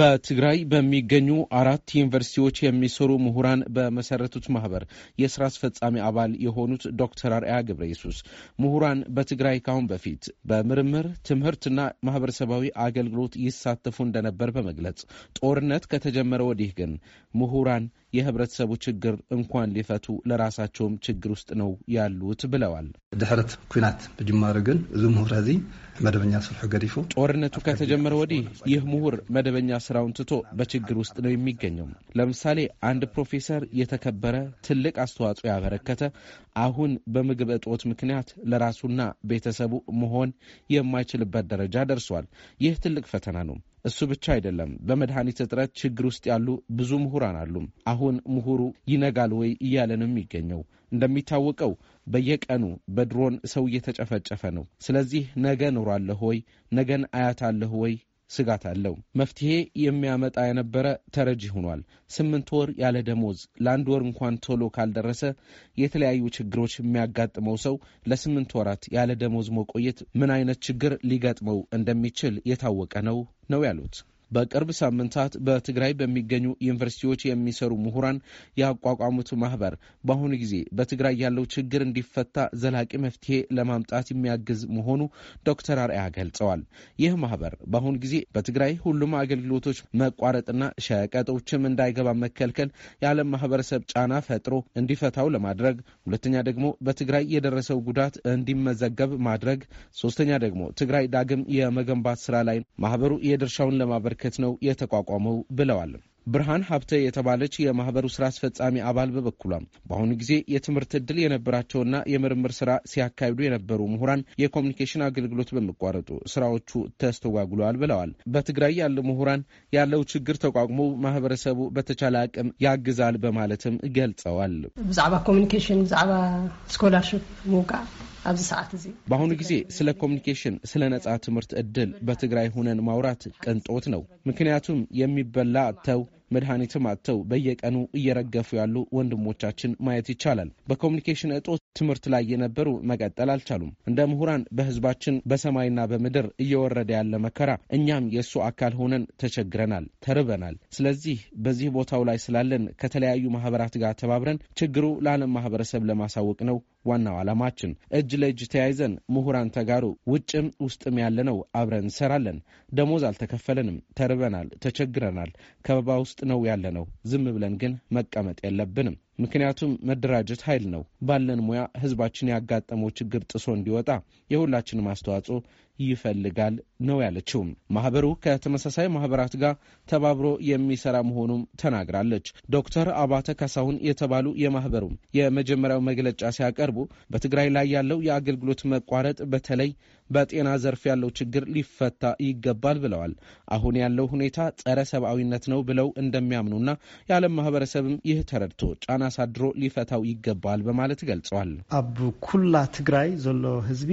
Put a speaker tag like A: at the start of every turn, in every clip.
A: በትግራይ በሚገኙ አራት ዩኒቨርሲቲዎች የሚሰሩ ምሁራን በመሰረቱት ማህበር የስራ አስፈጻሚ አባል የሆኑት ዶክተር አርአያ ገብረ ኢየሱስ ምሁራን በትግራይ ካሁን በፊት በምርምር ትምህርትና ማህበረሰባዊ አገልግሎት ይሳተፉ እንደነበር በመግለጽ ጦርነት ከተጀመረ ወዲህ ግን ምሁራን የህብረተሰቡ ችግር እንኳን ሊፈቱ ለራሳቸውም ችግር ውስጥ ነው ያሉት ብለዋል። ድሕረት ኩናት ብጅማሩ ግን እዚ ምሁር እዚ መደበኛ ስርሑ ገዲፉ ጦርነቱ ከተጀመረ ወዲህ ይህ ምሁር መደበኛ ስራውን ትቶ በችግር ውስጥ ነው የሚገኘው። ለምሳሌ አንድ ፕሮፌሰር የተከበረ ትልቅ አስተዋጽኦ ያበረከተ አሁን በምግብ እጦት ምክንያት ለራሱና ቤተሰቡ መሆን የማይችልበት ደረጃ ደርሷል። ይህ ትልቅ ፈተና ነው። እሱ ብቻ አይደለም። በመድኃኒት እጥረት ችግር ውስጥ ያሉ ብዙ ምሁራን አሉ። አሁን ምሁሩ ይነጋል ወይ እያለ ነው የሚገኘው። እንደሚታወቀው በየቀኑ በድሮን ሰው እየተጨፈጨፈ ነው። ስለዚህ ነገ እኖራለሁ ወይ ነገን አያታለሁ ወይ ስጋት አለው። መፍትሄ የሚያመጣ የነበረ ተረጂ ሆኗል። ስምንት ወር ያለ ደሞዝ ለአንድ ወር እንኳን ቶሎ ካልደረሰ የተለያዩ ችግሮች የሚያጋጥመው ሰው ለስምንት ወራት ያለ ደሞዝ መቆየት ምን አይነት ችግር ሊገጥመው እንደሚችል የታወቀ ነው ነው ያሉት። በቅርብ ሳምንታት በትግራይ በሚገኙ ዩኒቨርሲቲዎች የሚሰሩ ምሁራን ያቋቋሙት ማህበር በአሁኑ ጊዜ በትግራይ ያለው ችግር እንዲፈታ ዘላቂ መፍትሄ ለማምጣት የሚያግዝ መሆኑ ዶክተር አርያ ገልጸዋል። ይህ ማህበር በአሁኑ ጊዜ በትግራይ ሁሉም አገልግሎቶች መቋረጥና ሸቀጦችም እንዳይገባ መከልከል የዓለም ማህበረሰብ ጫና ፈጥሮ እንዲፈታው ለማድረግ፣ ሁለተኛ ደግሞ በትግራይ የደረሰው ጉዳት እንዲመዘገብ ማድረግ፣ ሶስተኛ ደግሞ ትግራይ ዳግም የመገንባት ስራ ላይ ማህበሩ የድርሻውን ለማበርከ ለማበርከት ነው የተቋቋመው ብለዋል። ብርሃን ሀብተ የተባለች የማህበሩ ስራ አስፈጻሚ አባል በበኩሏም በአሁኑ ጊዜ የትምህርት ዕድል የነበራቸውና የምርምር ስራ ሲያካሂዱ የነበሩ ምሁራን የኮሚኒኬሽን አገልግሎት በመቋረጡ ስራዎቹ ተስተጓጉለዋል ብለዋል። በትግራይ ያለ ምሁራን ያለው ችግር ተቋቁሞ ማህበረሰቡ በተቻለ አቅም ያግዛል በማለትም ገልጸዋል። ብዛዕባ ኮሚኒኬሽን ብዛዕባ ስኮላርሽፕ ምውቃዕ ኣብዚ ሰዓት እዚ በአሁኑ ጊዜ ስለ ኮሚኒኬሽን፣ ስለ ነፃ ትምህርት ዕድል በትግራይ ሁነን ማውራት ቅንጦት ነው። ምክንያቱም የሚበላ ተው መድኃኒትም አጥተው በየቀኑ እየረገፉ ያሉ ወንድሞቻችን ማየት ይቻላል። በኮሚኒኬሽን እጦት ትምህርት ላይ የነበሩ መቀጠል አልቻሉም። እንደ ምሁራን በህዝባችን በሰማይና በምድር እየወረደ ያለ መከራ እኛም የእሱ አካል ሆነን ተቸግረናል፣ ተርበናል። ስለዚህ በዚህ ቦታው ላይ ስላለን ከተለያዩ ማህበራት ጋር ተባብረን ችግሩ ለዓለም ማህበረሰብ ለማሳወቅ ነው ዋናው ዓላማችን። እጅ ለእጅ ተያይዘን ምሁራን ተጋሩ ውጭም ውስጥም ያለነው አብረን እንሰራለን። ደሞዝ አልተከፈለንም፣ ተርበናል፣ ተቸግረናል። ከበባ ውስጥ ውስጥ ነው ያለነው። ዝም ብለን ግን መቀመጥ የለብንም። ምክንያቱም መደራጀት ኃይል ነው። ባለን ሙያ ህዝባችን ያጋጠመው ችግር ጥሶ እንዲወጣ የሁላችንም አስተዋጽኦ ይፈልጋል ነው ያለችው። ማህበሩ ከተመሳሳይ ማህበራት ጋር ተባብሮ የሚሰራ መሆኑም ተናግራለች። ዶክተር አባተ ካሳሁን የተባሉ የማህበሩ የመጀመሪያው መግለጫ ሲያቀርቡ በትግራይ ላይ ያለው የአገልግሎት መቋረጥ በተለይ በጤና ዘርፍ ያለው ችግር ሊፈታ ይገባል ብለዋል። አሁን ያለው ሁኔታ ጸረ ሰብአዊነት ነው ብለው እንደሚያምኑና የዓለም ማህበረሰብም ይህ ተረድቶ ጫና አሳድሮ ሊፈታው ይገባል በማለት ገልጸዋል። አብ ኩላ ትግራይ ዘሎ ህዝቢ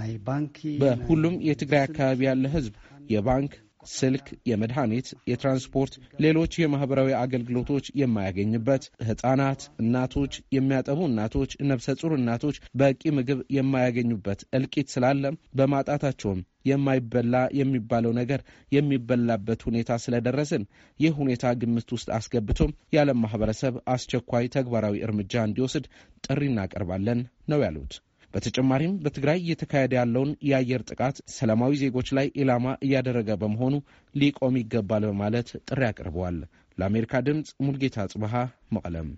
A: ናይ ባንኪ በሁሉም የትግራይ አካባቢ ያለ ህዝብ የባንክ ስልክ፣ የመድኃኒት፣ የትራንስፖርት፣ ሌሎች የማህበራዊ አገልግሎቶች የማያገኝበት፣ ህጻናት፣ እናቶች፣ የሚያጠቡ እናቶች፣ ነብሰ ጡር እናቶች በቂ ምግብ የማያገኙበት እልቂት ስላለም በማጣታቸውም የማይበላ የሚባለው ነገር የሚበላበት ሁኔታ ስለደረስን ይህ ሁኔታ ግምት ውስጥ አስገብቶም የዓለም ማህበረሰብ አስቸኳይ ተግባራዊ እርምጃ እንዲወስድ ጥሪ እናቀርባለን ነው ያሉት። በተጨማሪም በትግራይ እየተካሄደ ያለውን የአየር ጥቃት ሰላማዊ ዜጎች ላይ ኢላማ እያደረገ በመሆኑ ሊቆም ይገባል በማለት ጥሪ አቅርበዋል። ለአሜሪካ ድምፅ ሙልጌታ ጽብሃ መቀለም